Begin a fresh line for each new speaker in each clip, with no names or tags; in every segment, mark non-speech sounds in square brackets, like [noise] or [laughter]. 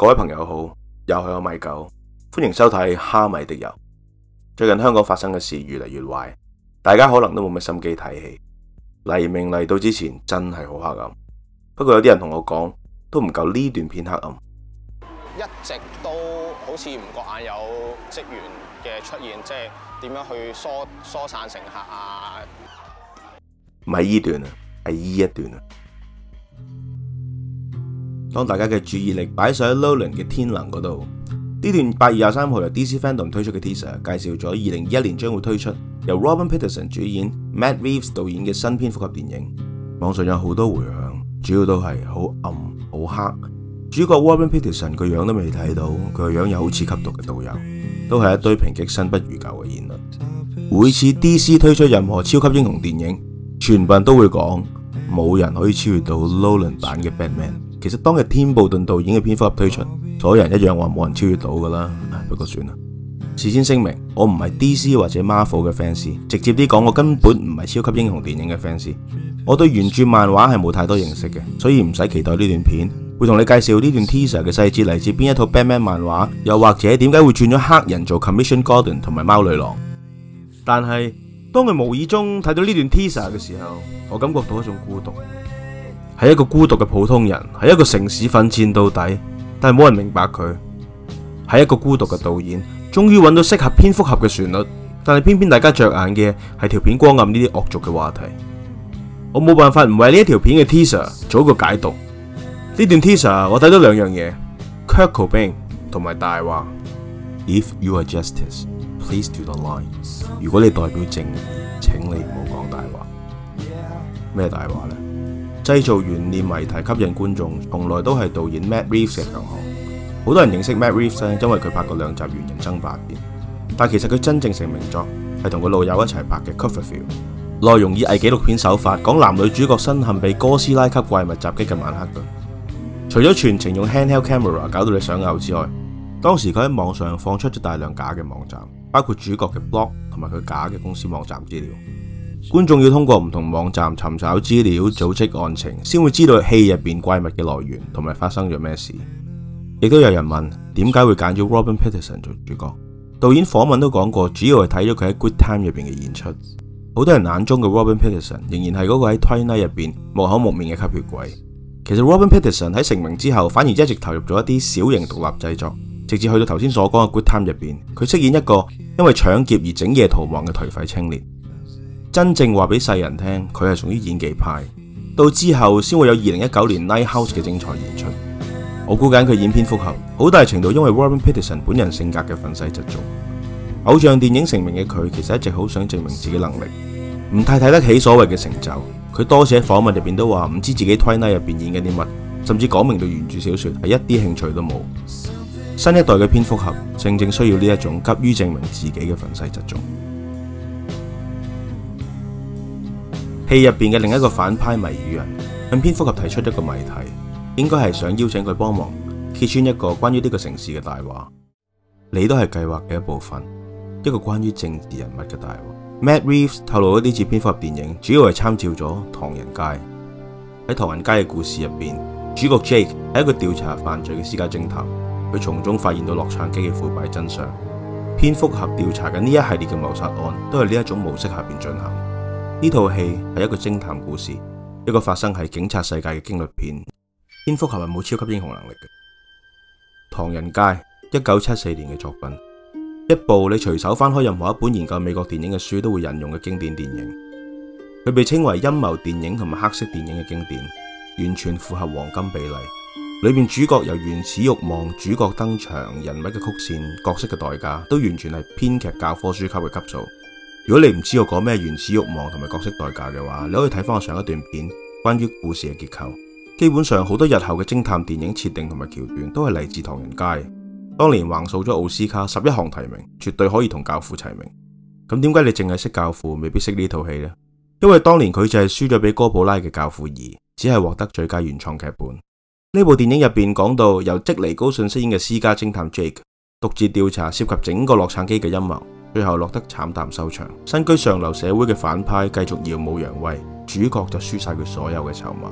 各位朋友好，又係我米九，歡迎收睇《蝦米的油》。最近香港發生嘅事越嚟越壞，大家可能都冇乜心機睇戲。黎明嚟到之前真係好黑暗，不過有啲人同我講都唔夠呢段片黑暗。一直都好似唔覺眼有職員嘅出現，即係點樣去疏疏散乘客啊？唔係呢段啊，係呢一段啊。當大家嘅注意力擺上喺 Nolan 嘅天能嗰度，呢段八月廿三號由 DC Fandom 推出嘅 teaser 介紹咗二零二一年將會推出由 Robert Pattinson 主演、Matt Reeves 導演嘅新篇蝙蝠俠電影，網上有好多回響，主要都係好暗、好黑，主角 Robert Pattinson 個樣都未睇到，佢個樣又好似吸毒嘅道友，都係一堆抨擊新不如舊嘅言論。每次 DC 推出任何超級英雄電影，全部人都會講冇人可以超越到 Nolan 版嘅 Batman。其實當日添布頓導演嘅片花一推出，所有人一樣，話冇人超越到噶啦。不過算啦，事先聲明，我唔係 DC 或者 Marvel 嘅 fans，直接啲講，我根本唔係超級英雄電影嘅 fans。我對原著漫畫係冇太多認識嘅，所以唔使期待呢段片會同你介紹呢段 Teaser 嘅細節嚟自邊一套 Batman 漫畫，又或者點解會轉咗黑人做 Commission Gordon 同埋貓女郎。但係當佢無意中睇到呢段 Teaser 嘅時候，我感覺到一種孤獨。係一個孤獨嘅普通人，係一個城市奮戰到底，但係冇人明白佢。係一個孤獨嘅導演，終於揾到適合蝙蝠俠嘅旋律，但係偏偏大家着眼嘅係條片光暗呢啲惡俗嘅話題。我冇辦法唔為呢一條片嘅 Teaser 做一個解讀。呢段 Teaser 我睇到兩樣嘢：Kurt Cobain，同埋大話。If you are justice, please do not lie。如果你代表正義，請你唔好講大話。咩大話呢？製造懸念謎題吸引觀眾，從來都係導演 Matt Reeves 嘅強項。好多人認識 Matt Reeves 因為佢拍過兩集《猿人爭霸戰》，但其實佢真正成名作係同個老友一齊拍嘅《Cloverfield》。內容以偽紀錄片手法講男女主角身陷被哥斯拉級怪物襲擊嘅曼哈頓。除咗全程用 handheld camera 搞到你想嘔之外，當時佢喺網上放出咗大量假嘅網站，包括主角嘅 blog 同埋佢假嘅公司網站資料。觀眾要通過唔同網站尋找資料，組織案情，先會知道戲入邊怪物嘅來源同埋發生咗咩事。亦都有人問點解會揀咗 Robert Pattinson 做主角。導演訪問都講過，主要係睇咗佢喺 Good Time 入邊嘅演出。好多人眼中嘅 Robert Pattinson 仍然係嗰個喺 Twilight 入邊木口木面嘅吸血鬼。其實 Robert Pattinson 喺成名之後，反而一直投入咗一啲小型獨立製作，直至去到頭先所講嘅 Good Time 入邊，佢飾演一個因為搶劫而整夜逃亡嘅頹廢青年。真正話俾世人聽，佢係屬於演技派，到之後先會有二零一九年《Lighthouse》嘅精彩演出。我估緊佢演蝙蝠俠，好大程度因為 Robert Pattinson 本人性格嘅憤世嫉俗。偶像電影成名嘅佢，其實一直好想證明自己能力，唔太睇得起所謂嘅成就。佢多次喺訪問入邊都話唔知自己《Twilight》入邊演緊啲乜，甚至講明對原著小說係一啲興趣都冇。新一代嘅蝙蝠俠正正需要呢一種急於證明自己嘅憤世嫉俗。戲入邊嘅另一個反派謎語人向蝙蝠俠提出一個謎題，應該係想邀請佢幫忙揭穿一個關於呢個城市嘅大話。你都係計劃嘅一部分，一個關於政治人物嘅大話。Matt Reeves 透露咗呢次蝙蝠俠電影主要係參照咗唐人街。喺唐人街嘅故事入邊，主角 Jake 係一個調查犯罪嘅私家偵探，佢從中發現到洛杉磯嘅腐敗真相。蝙蝠俠調查緊呢一系列嘅謀殺案，都係呢一種模式下邊進行。呢套戲係一個偵探故事，一個發生喺警察世界嘅驚慄片。蝙蝠俠係冇超級英雄能力嘅。唐人街，一九七四年嘅作品，一部你隨手翻開任何一本研究美國電影嘅書都會引用嘅經典電影。佢被稱為陰謀電影同埋黑色電影嘅經典，完全符合黃金比例。裏面主角由原始欲望主角登場，人物嘅曲線、角色嘅代價，都完全係編劇教科書級嘅級數。如果你唔知我講咩原始欲望同埋角色代價嘅話，你可以睇翻我上一段片，關於故事嘅結構。基本上好多日後嘅偵探電影設定同埋橋段都係嚟自唐人街。當年橫掃咗奧斯卡十一項提名，絕對可以同教父齊名。咁點解你淨係識教父，未必識呢套戲呢？因為當年佢就係輸咗俾哥普拉嘅教父二，只係獲得最佳原創劇本。呢部電影入邊講到，由積尼高遜飾演嘅私家偵探 Jake 獨自調查涉及整個洛杉磯嘅陰謀。最後落得慘淡收場。身居上流社會嘅反派繼續耀武揚威，主角就輸晒佢所有嘅籌碼。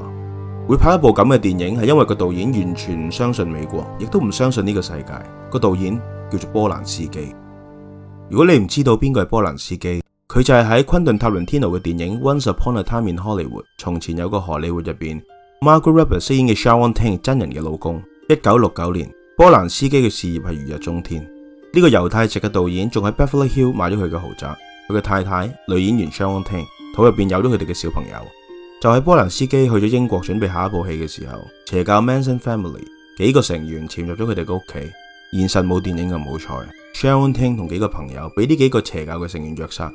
會拍一部咁嘅電影係因為個導演完全唔相信美國，亦都唔相信呢個世界。個導演叫做波蘭斯基。如果你唔知道邊個係波蘭斯基，佢就係喺昆頓塔倫天奴嘅電影《Once Upon a Time in Hollywood》從前有個荷里活入邊 Margot Robbie 飾演嘅 Sharon Tate 真人嘅老公。一九六九年，波蘭斯基嘅事業係如日中天。呢、這個猶太籍嘅導演仲喺 Beverly Hills 買咗佢嘅豪宅，佢嘅太太女演員 Sharon Tate 肚入邊有咗佢哋嘅小朋友。就喺波蘭斯基去咗英國準備下一部戲嘅時候，邪教 Manson Family 幾個成員潛入咗佢哋嘅屋企，現實冇電影咁好彩。Sharon Tate 同幾個朋友俾呢幾個邪教嘅成員虐殺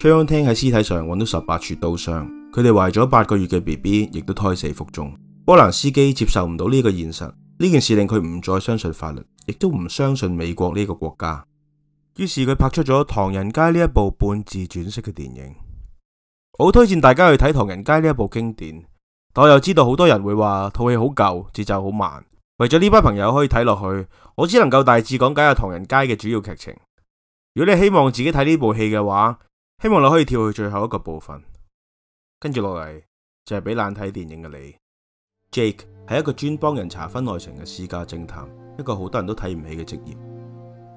，Sharon Tate 喺屍體上搵到十八處刀傷，佢哋懷咗八個月嘅 B B 亦都胎死腹中。波蘭斯基接受唔到呢個現實，呢件事令佢唔再相信法律。亦都唔相信美國呢個國家，於是佢拍出咗《唐人街》呢一部半自傳式嘅電影，我好推薦大家去睇《唐人街》呢一部經典。但我又知道好多人會話套戲好舊，節奏好慢。為咗呢班朋友可以睇落去，我只能夠大致講解下《唐人街》嘅主要劇情。如果你希望自己睇呢部戲嘅話，希望你可以跳去最後一個部分。跟住落嚟就係俾懶睇電影嘅你，Jake 係一個專幫人查婚外情嘅私家偵探。一個好多人都睇唔起嘅職業，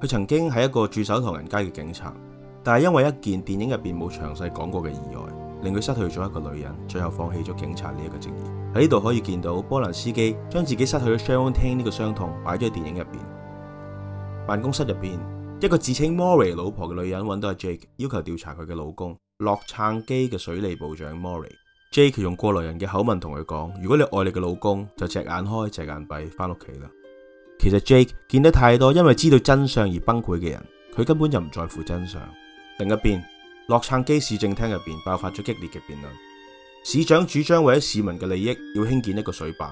佢曾經係一個駐守唐人街嘅警察，但係因為一件電影入邊冇詳細講過嘅意外，令佢失去咗一個女人，最後放棄咗警察呢一個職業。喺呢度可以見到波蘭斯基將自己失去咗 Sharon Tate 呢個傷痛擺咗喺電影入邊。辦公室入邊，一個自稱 Mori 老婆嘅女人揾到阿 Jake，要求調查佢嘅老公洛杉磯嘅水利部長 Mori。Jake 用過來人嘅口吻同佢講：如果你愛你嘅老公，就隻眼開隻眼閉，翻屋企啦。其實 Jake 見得太多因為知道真相而崩潰嘅人，佢根本就唔在乎真相。另一邊，洛杉磯市政廳入邊爆發咗激烈嘅辯論。市長主張為咗市民嘅利益要興建一個水壩，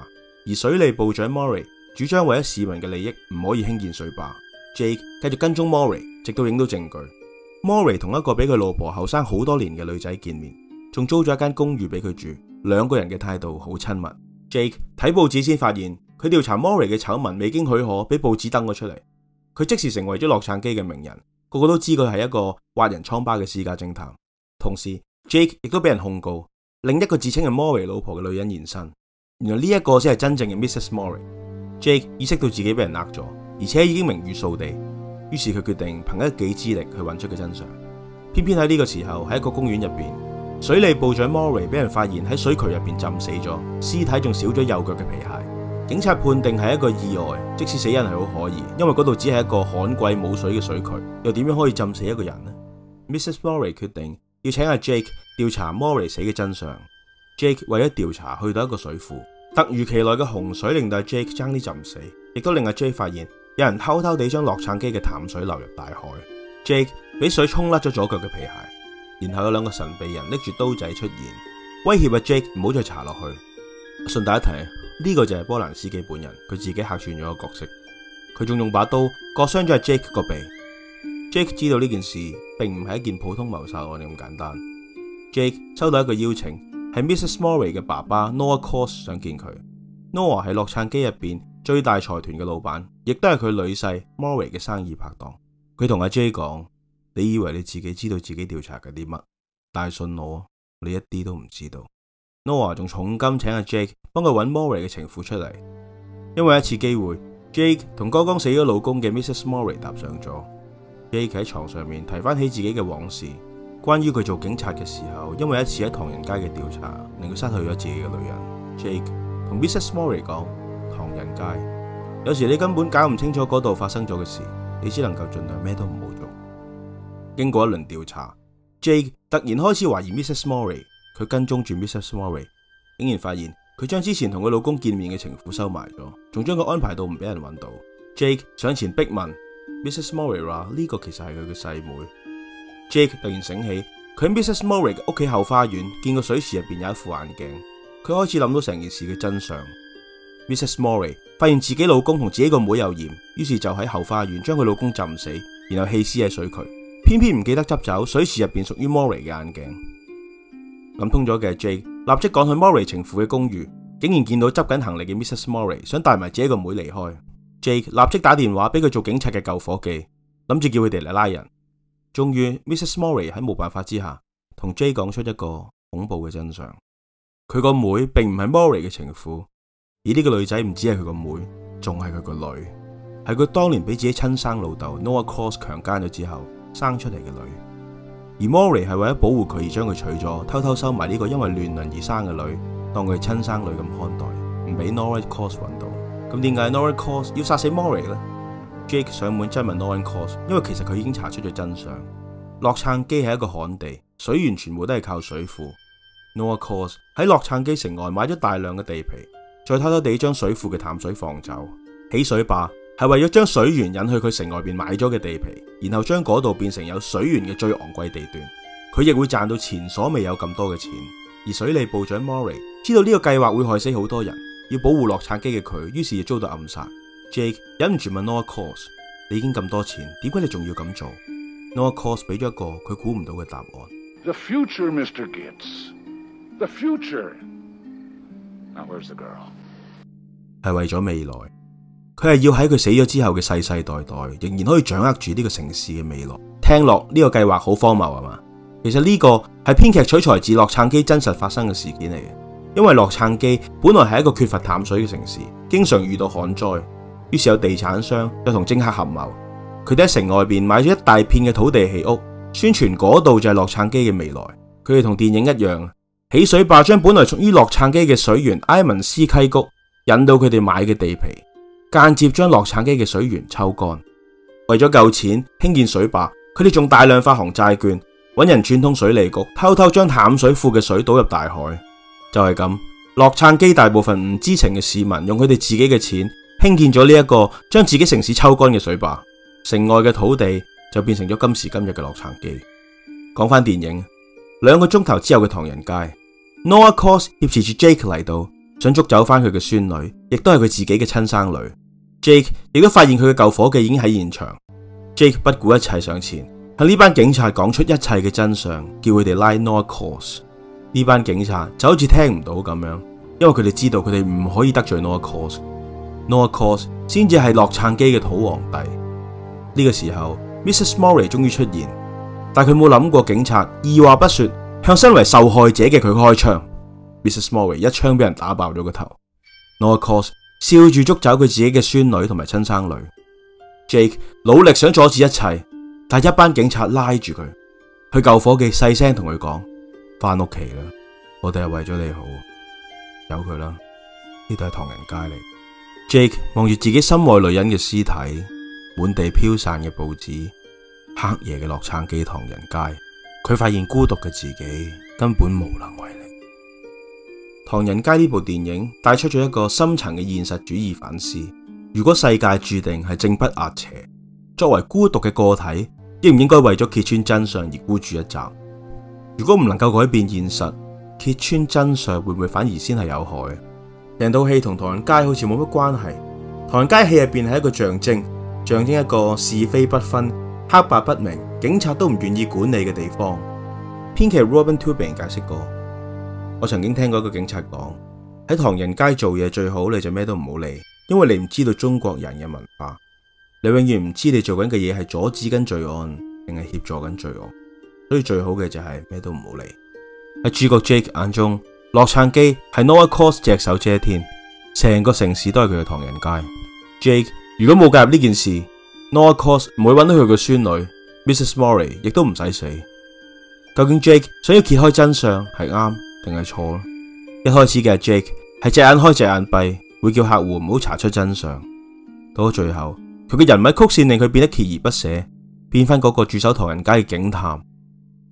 而水利部長 Mori 主張為咗市民嘅利益唔可以興建水壩。Jake 繼續跟蹤 Mori，直到影到證據。Mori 同一個比佢老婆後生好多年嘅女仔見面，仲租咗一間公寓俾佢住，兩個人嘅態度好親密。Jake 睇報紙先發現。佢調查 Mori 嘅醜聞，未經許可俾報紙登咗出嚟，佢即時成為咗洛杉磯嘅名人，個個都知佢係一個挖人瘡疤嘅私家偵探。同時，Jake 亦都俾人控告。另一個自稱係 Mori 老婆嘅女人現身，原來呢一個先係真正嘅 Mrs Mori。Jake 意識到自己俾人呃咗，而且已經名譽掃地，於是佢決定憑一己之力去揾出佢真相。偏偏喺呢個時候，喺一個公園入邊，水利部長 Mori 俾人發現喺水渠入邊浸死咗，屍體仲少咗右腳嘅皮鞋。警察判定係一個意外，即使死人係好可疑，因為嗰度只係一個旱季冇水嘅水渠，又點樣可以浸死一個人呢？Mrs. Morris 決定要請阿 Jake 調查 Morris 死嘅真相。Jake 為咗調查，去到一個水庫，突如其來嘅洪水令到阿 Jake 爭啲浸死，亦都令阿 Jake 發現有人偷偷地將洛杉磯嘅淡水流入大海。Jake 俾水沖甩咗左腳嘅皮鞋，然後有兩個神秘人拎住刀仔出現，威脅阿 Jake 唔好再查落去。順帶一提。呢、這個就係波蘭斯基本人，佢自己客串咗個角色。佢仲用把刀割傷咗阿 Jake 個鼻。Jake 知道呢件事並唔係一件普通謀殺案咁簡單。Jake 收到一個邀請，係 Mrs. Mori 嘅爸爸 Noah Cross 想見佢。Noah 係洛杉磯入邊最大財團嘅老闆，亦都係佢女婿 Mori 嘅生意拍檔。佢同阿 Jay 講：你以為你自己知道自己調查緊啲乜？但係信我，你一啲都唔知道。諾亞仲重金請阿 Jake 幫佢搵 Mori 嘅情婦出嚟。因為一次機會，Jake 同剛剛死咗老公嘅 Mrs. Mori 搭上咗。Jake 喺床上面提翻起自己嘅往事，關於佢做警察嘅時候，因為一次喺唐人街嘅調查，令佢失去咗自己嘅女人。Jake 同 Mrs. Mori 講：唐人街有時你根本搞唔清楚嗰度發生咗嘅事，你只能夠盡量咩都唔好做。經過一輪調查，Jake 突然開始懷疑 Mrs. Mori。佢跟蹤住 Mrs. Mori，竟然發現佢將之前同佢老公見面嘅情婦收埋咗，仲將佢安排到唔俾人揾到。Jake 上前逼問 Mrs. Mori，呢個其實係佢嘅細妹。Jake 突然醒起，佢喺 Mrs. Mori 嘅屋企後花園見個水池入邊有一副眼鏡，佢開始諗到成件事嘅真相。Mrs. Mori 發現自己老公同自己個妹，妹有嫌，於是就喺後花園將佢老公浸死，然後棄屍喺水渠，偏偏唔記得執走水池入邊屬於 Mori 嘅眼鏡。諗通咗嘅 Jake 立即趕去 Mori 情婦嘅公寓，竟然見到執緊行李嘅 Mrs Mori 想帶埋自己個妹離開。Jake 立即打電話俾佢做警察嘅舊伙計，諗住叫佢哋嚟拉人。終於 Mrs Mori 喺冇辦法之下，同 Jake 講出一個恐怖嘅真相：佢個妹並唔係 Mori 嘅情婦，而呢個女仔唔止係佢個妹，仲係佢個女，係佢當年俾自己親生老豆 Noah Cross 強姦咗之後生出嚟嘅女。而 Mori 係為咗保護佢而將佢娶咗，偷偷收埋呢個因為亂倫而生嘅女，當佢係親生女咁看待，唔俾 Norris Cause 揾到。咁點解 Norris Cause 要殺死 Mori 呢？Jake 上門質問 Norris Cause，因為其實佢已經查出咗真相。洛杉磯係一個旱地，水源全部都係靠水庫。Norris Cause 喺洛杉磯城外買咗大量嘅地皮，再偷偷地將水庫嘅淡水放走，起水壩。係為咗將水源引去佢城外邊買咗嘅地皮，然後將嗰度變成有水源嘅最昂貴地段，佢亦會賺到前所未有咁多嘅錢。而水利部長 Mori 知道呢個計劃會害死好多人，要保護洛杉磯嘅佢，於是亦遭到暗殺。Jake 忍唔住問 Noah Cross 你已經咁多錢，點解你仲要咁做？Noah Cross 俾咗一個佢估唔到嘅答案：The future, Mr. Gittes. The future. Now where's the girl？係為咗未來。佢係要喺佢死咗之後嘅世世代代仍然可以掌握住呢個城市嘅未來。聽落呢個計劃好荒謬啊嘛？其實呢個係編劇取材自洛杉磯真實發生嘅事件嚟嘅，因為洛杉磯本來係一個缺乏淡水嘅城市，經常遇到旱災，於是有地產商又同政客合謀，佢哋喺城外邊買咗一大片嘅土地起屋，宣傳嗰度就係洛杉磯嘅未來。佢哋同電影一樣起水壩，將本來屬於洛杉磯嘅水源埃文斯溪谷引到佢哋買嘅地皮。間接將洛杉磯嘅水源抽乾，為咗夠錢興建水壩，佢哋仲大量發行債券，搵人串通水利局，偷偷將淡水庫嘅水倒入大海。就係咁，洛杉磯大部分唔知情嘅市民，用佢哋自己嘅錢興建咗呢一個將自己城市抽乾嘅水壩，城外嘅土地就變成咗今時今日嘅洛杉磯。講翻電影，兩個鐘頭之後嘅唐人街，Noah Cross 挾持住 Jake 嚟到。想捉走翻佢嘅孫女，亦都係佢自己嘅親生女。Jake 亦都發現佢嘅舊夥計已經喺現場。Jake 不顧一切上前，向呢班警察講出一切嘅真相，叫佢哋拉 Noah Cross。呢班警察就好似聽唔到咁樣，因為佢哋知道佢哋唔可以得罪 Noah Cross。Noah Cross 先至係洛杉磯嘅土皇帝。呢個時候，Mrs. Mori 終於出現，但佢冇諗過警察二話不說向身為受害者嘅佢開槍。Mrs. Mulwray 一槍俾人打爆咗個頭，Noah Cross 笑住捉走佢自己嘅孫女同埋親生女。Jake 努力想阻止一切，但一班警察拉住佢。佢舊夥計細聲同佢講：，翻屋企啦，我哋係為咗你好，由佢啦。呢度係唐人街嚟。Jake 望住自己心愛女人嘅屍體，滿地飄散嘅報紙，黑夜嘅洛杉磯唐人街，佢發現孤獨嘅自己根本無能為唐人街呢部電影帶出咗一個深層嘅現實主義反思：如果世界注定係正不壓邪，作為孤獨嘅個體，應唔應該為咗揭穿真相而孤注一擲？如果唔能夠改變現實，揭穿真相會唔會反而先係有害？成套戲同唐人街好似冇乜關係，唐人街戲入邊係一個象徵，象徵一個是非不分、黑白不明、警察都唔願意管理嘅地方。編劇 Robin Tubb 俾人解釋過。我曾經聽過一個警察講，喺唐人街做嘢最好，你就咩都唔好理，因為你唔知道中國人嘅文化，你永遠唔知你做緊嘅嘢係阻止緊罪案，定係協助緊罪案。所以最好嘅就係咩都唔好理。喺主角 Jake 眼中，洛杉磯係 Noah Cross 隻手遮天，成個城市都係佢嘅唐人街。Jake 如果冇介入呢件事，Noah Cross 唔會搵到佢嘅孫女 Mrs. Mulwray，亦都唔使死。究竟 Jake 想要揭開真相係啱？定係錯咯。一開始嘅 Jake 係隻眼開隻眼閉，會叫客戶唔好查出真相。到最後，佢嘅人物曲線令佢變得鍥而不捨，變翻嗰個駐守唐人街嘅警探。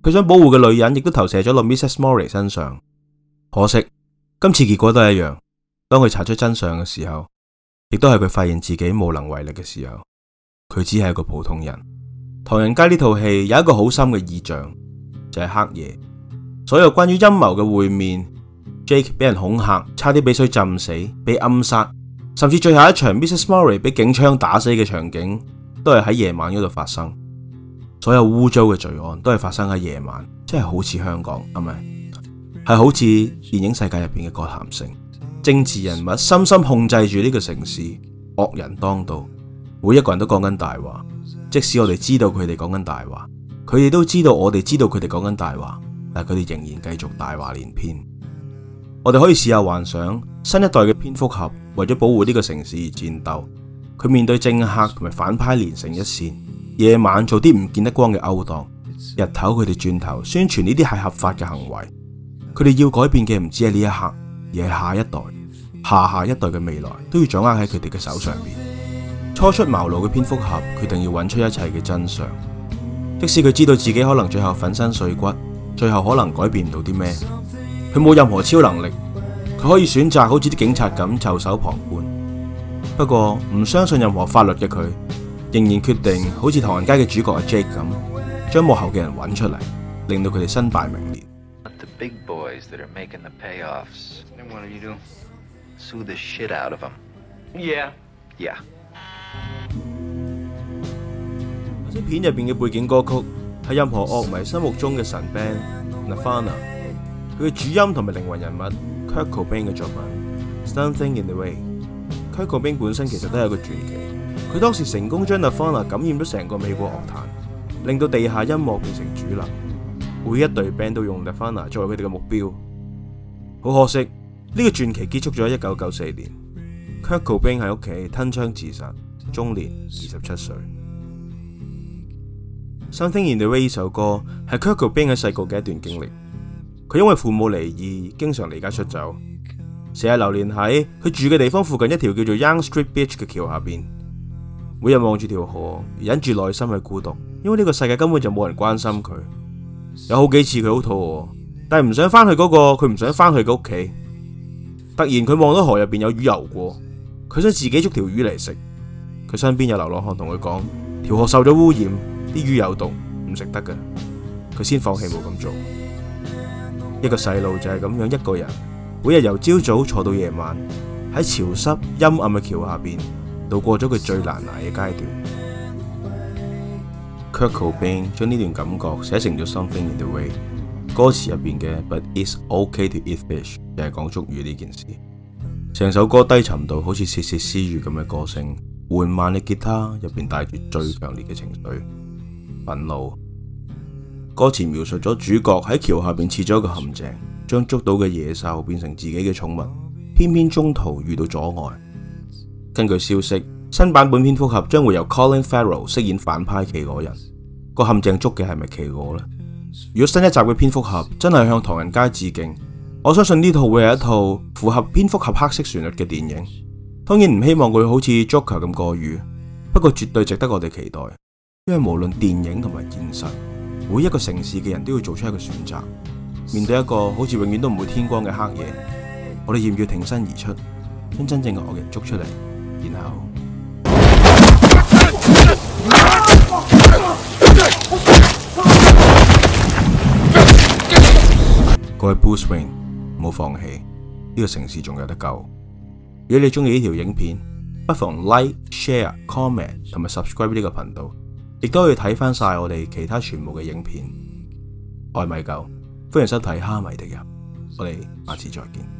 佢想保護嘅女人，亦都投射咗落 Mrs. Mori 身上。可惜今次結果都係一樣。當佢查出真相嘅時候，亦都係佢發現自己無能為力嘅時候。佢只係一個普通人。唐人街呢套戲有一個好深嘅意象，就係黑夜。所有關於陰謀嘅會面，Jake 被人恐嚇，差啲被水浸死，被暗殺，甚至最後一場 Mrs. Murray 被警槍打死嘅場景，都係喺夜晚嗰度發生。所有污糟嘅罪案都係發生喺夜晚，真係好似香港，係咪？係好似電影世界入邊嘅葛咸城，政治人物深深控制住呢個城市，惡人當道，每一個人都講緊大話。即使我哋知道佢哋講緊大話，佢哋都知道我哋知道佢哋講緊大話。但佢哋仍然繼續大話連篇。我哋可以試下幻想新一代嘅蝙蝠俠為咗保護呢個城市而戰鬥。佢面對政客同埋反派連成一線，夜晚做啲唔見得光嘅勾當，日頭佢哋轉頭宣傳呢啲係合法嘅行為。佢哋要改變嘅唔止係呢一刻，而係下一代、下下一代嘅未來都要掌握喺佢哋嘅手上邊。初出茅廬嘅蝙蝠俠決定要揾出一切嘅真相，即使佢知道自己可能最後粉身碎骨。最後可能改變唔到啲咩，佢冇任何超能力，佢可以選擇好似啲警察咁袖手旁觀。不過唔相信任何法律嘅佢，仍然決定好似唐人街嘅主角阿 Jake 咁，將幕後嘅人揾出嚟，令到佢哋身敗名裂。啲 big boys that are making the payoffs，你 want to do? Sue the shit out of them。Yeah。Yeah。啲片入邊嘅背景歌曲係任何樂迷心目中嘅神 band Nirvana，佢嘅主音同埋靈魂人物 Kurt Cobain 嘅作品《Something in the Way》。Kurt Cobain 本身其實都係一個傳奇，佢當時成功將 Nirvana 感染咗成個美國樂壇，令到地下音樂變成主流，每一隊 band 都用 Nirvana 作為佢哋嘅目標。好可惜，呢、呢個傳奇結束咗一九九四年，Kurt Cobain 喺屋企吞槍自殺，終年二十七歲。《Something In The Way》呢首歌係 Kurt Cobain 喺細個嘅一段經歷。佢因為父母離異，經常離家出走，成日留連喺佢住嘅地方附近一條叫做 Young Street Beach 嘅橋下邊。每日望住條河，忍住內心去孤獨，因為呢個世界根本就冇人關心佢。有好幾次佢好肚餓，但係唔想翻去嗰、嗰個，佢唔想翻去嘅屋企。突然佢望到河入邊有魚游過，佢想自己捉條魚嚟食。佢身邊有流浪漢同佢講：條河受咗污染。啲魚有毒，唔食得嘅，佢先放棄冇咁做。一個細路就係咁樣一個人，每日由朝早坐到夜晚，喺潮濕陰暗嘅橋下邊度過咗佢最難捱嘅階段。Kurt Cobain 將呢段感覺寫成咗《Something in the Way》，歌詞入邊嘅 But it's okay to eat fish 就係講捉魚呢件事。成首歌低沉到好似竊竊私語咁嘅歌聲，緩慢嘅吉他入邊帶住最強烈嘅情緒。憤怒。歌詞描述咗主角喺橋下邊設咗一個陷阱，將捉到嘅野獸變成自己嘅寵物。偏偏中途遇到阻礙。根據消息，新版本蝙蝠俠將會由 Colin Farrell 飾演反派企鵝人。個陷阱捉嘅係咪企鵝呢？如果新一集嘅蝙蝠俠真係向唐人街致敬，我相信呢套會係一套符合蝙蝠俠黑色旋律嘅電影。當然唔希望佢好似 Joker 咁過譽，不過絕對值得我哋期待。因為無論電影同埋現實，每一個城市嘅人都要做出一個選擇。面對一個好似永遠都唔會天光嘅黑夜，我哋要唔要挺身而出，將真正嘅惡人捉出嚟？然後， [noise] 各位 Bruce Wayne，唔好放棄呢個城市，仲有得救。如果你中意呢條影片，不妨 Like、Share、Comment 同埋 Subscribe 呢個頻道。亦都可以睇返曬我哋其他全部嘅影片，愛米狗歡迎收睇蝦米的油，我哋下次再見。